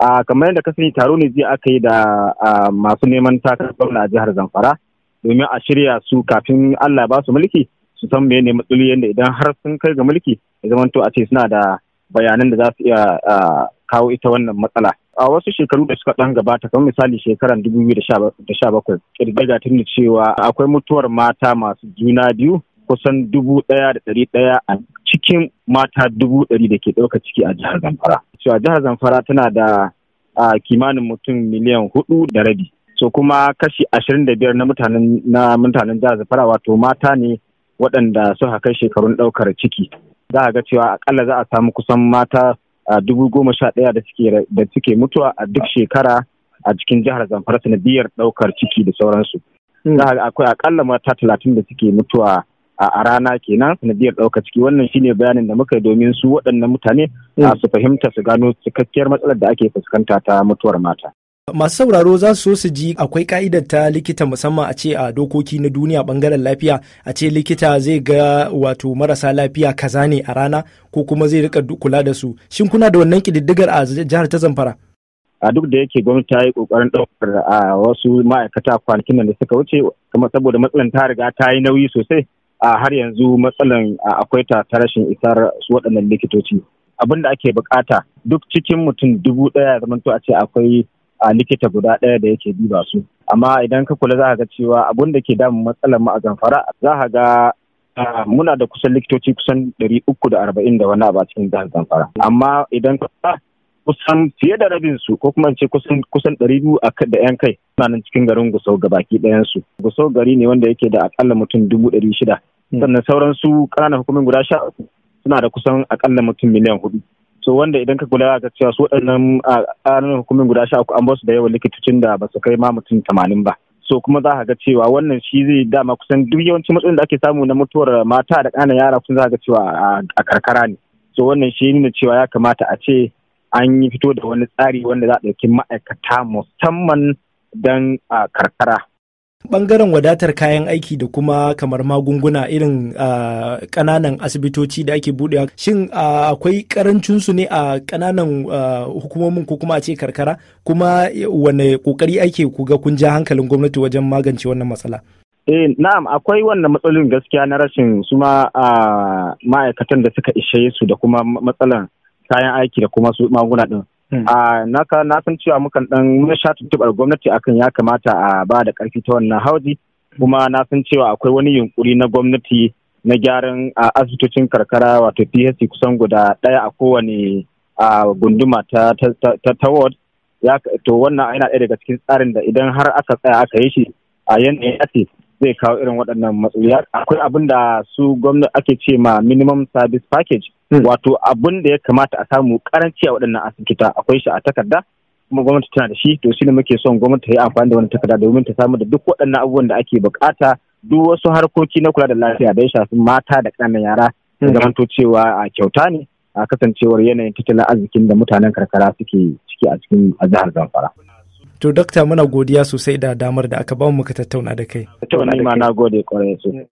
a kamar yadda ka sani taro ne jiya aka yi da masu neman takarar gwamna a jihar zamfara domin a shirya su kafin allah ba su mulki su san me ne matsaloli yadda idan har sun kai ga mulki ya zamanto a ce suna da bayanan da za su iya kawo ita wannan matsala a wasu shekaru da suka ɗan gabata kamar misali shekaran 2017 kirgiga tun da cewa akwai mutuwar mata masu juna biyu kusan dubu daya da dari daya. cikin mata dubu ɗari da ke ɗauka ciki a jihar Zamfara. So a jihar Zamfara tana da a kimanin mutum miliyan hudu da rabi. So kuma kashi ashirin da biyar na mutanen na mutanen jihar Zamfara wato mata ne waɗanda suka kai shekarun ɗaukar ciki. Za a ga cewa akalla za a samu kusan mata a dubu goma sha ɗaya da suke da suke mutuwa a duk shekara a cikin jihar Zamfara sanadiyar ɗaukar ciki da sauransu. Za a akwai akalla mata talatin da suke mutuwa a rana kenan sanadiyar ɗauka ciki wannan shine bayanin da muka yi domin su waɗannan mutane mm. su fahimta su gano cikakkiyar matsalar da ake fuskanta ta mutuwar mata. masu sauraro za su so su ji akwai ka'idar ta likita musamman a ce a dokoki na duniya bangaren lafiya a ce likita zai ga wato marasa lafiya kaza ne a rana ko kuma zai rika kula da su shin kuna da wannan kididdigar a jihar ta zamfara a duk da yake gwamnati ta yi kokarin daukar a wasu ma'aikata kwanakin da suka wuce kuma saboda matsalan ta riga ta yi nauyi sosai a har yanzu matsalan akwai ta ta rashin isar su waɗannan likitoci abin da ake bukata duk cikin mutum dubu ɗaya zamanto a ce akwai a likita guda ɗaya da yake diba su amma idan ka kula za ga cewa abin da ke damun matsalar mu a zamfara za ga muna da kusan likitoci kusan ɗari uku da arba'in da wani a cikin jihar zamfara amma idan ka kusan fiye da rabin su ko kuma ce kusan kusan ɗari biyu a da yan kai suna nan cikin garin gusau ga baki ɗayan su gusau gari ne wanda yake da akalla mutum dubu ɗari shida Hmm. sannan sauran su ƙananan hukumin guda sha uku suna da kusan akalla mutum miliyan hudu so wanda idan ka kula ga cewa su waɗannan ƙananan hukumin guda sha uku an ba su da yawan likitocin da ba su kai ma mutum tamanin ba so kuma za ka ga cewa wannan shi zai dama kusan duk yawancin matsalolin da ake samu na mutuwar mata da ƙananan yara kusan za ka ga cewa a karkara ne so wannan shi nuna cewa ya kamata a ce an yi fito da wani tsari wanda za a ɗauki ma'aikata musamman don a karkara Bangaren wadatar kayan aiki da kuma kamar magunguna irin kananan asibitoci da ake budewa shin akwai karancin su ne a kananan hukumomin ko kuma a ce karkara kuma wane kokari ake kuga kun ja hankalin gwamnati wajen magance wannan matsala? Eh, na'am akwai wannan matsalolin gaskiya na rashin su ma ma'aikatan da suka ishe su da kuma matsalan kayan aiki da kuma su magunguna din. Hmm. Ah, na san cewa mukan ɗan sha tuntuɓar gwamnati akan ya kamata a ba da ƙarfi ta wannan hauji kuma na san cewa akwai wani yunkuri na gwamnati na gyaran asibitocin karkara wato phc kusan guda ɗaya a kowane gunduma ta ta ward to wannan yana ɗaya daga cikin tsarin da idan har aka tsaya aka yi shi a yanayin ake zai kawo irin waɗannan matsaloli akwai abin da su gwamnati ake ce ma minimum service package Hmm. wato abun da ya kamata a samu karanci a waɗannan asibita akwai shi a takarda kuma gwamnati tana da shi to shi ne muke son gwamnati ta yi amfani da wani takarda domin ta samu da duk waɗannan abubuwan da ake bukata duk wasu harkoki na kula da lafiya da ya shafi mata da ƙananan yara hmm. to cewa a kyauta ne a kasancewar yanayin tattalin arzikin da mutanen karkara suke ciki a cikin jihar Zamfara. To dokta muna godiya sosai da damar da aka bamu muka tattauna da kai. Tattauna ma na gode kwarai sosai.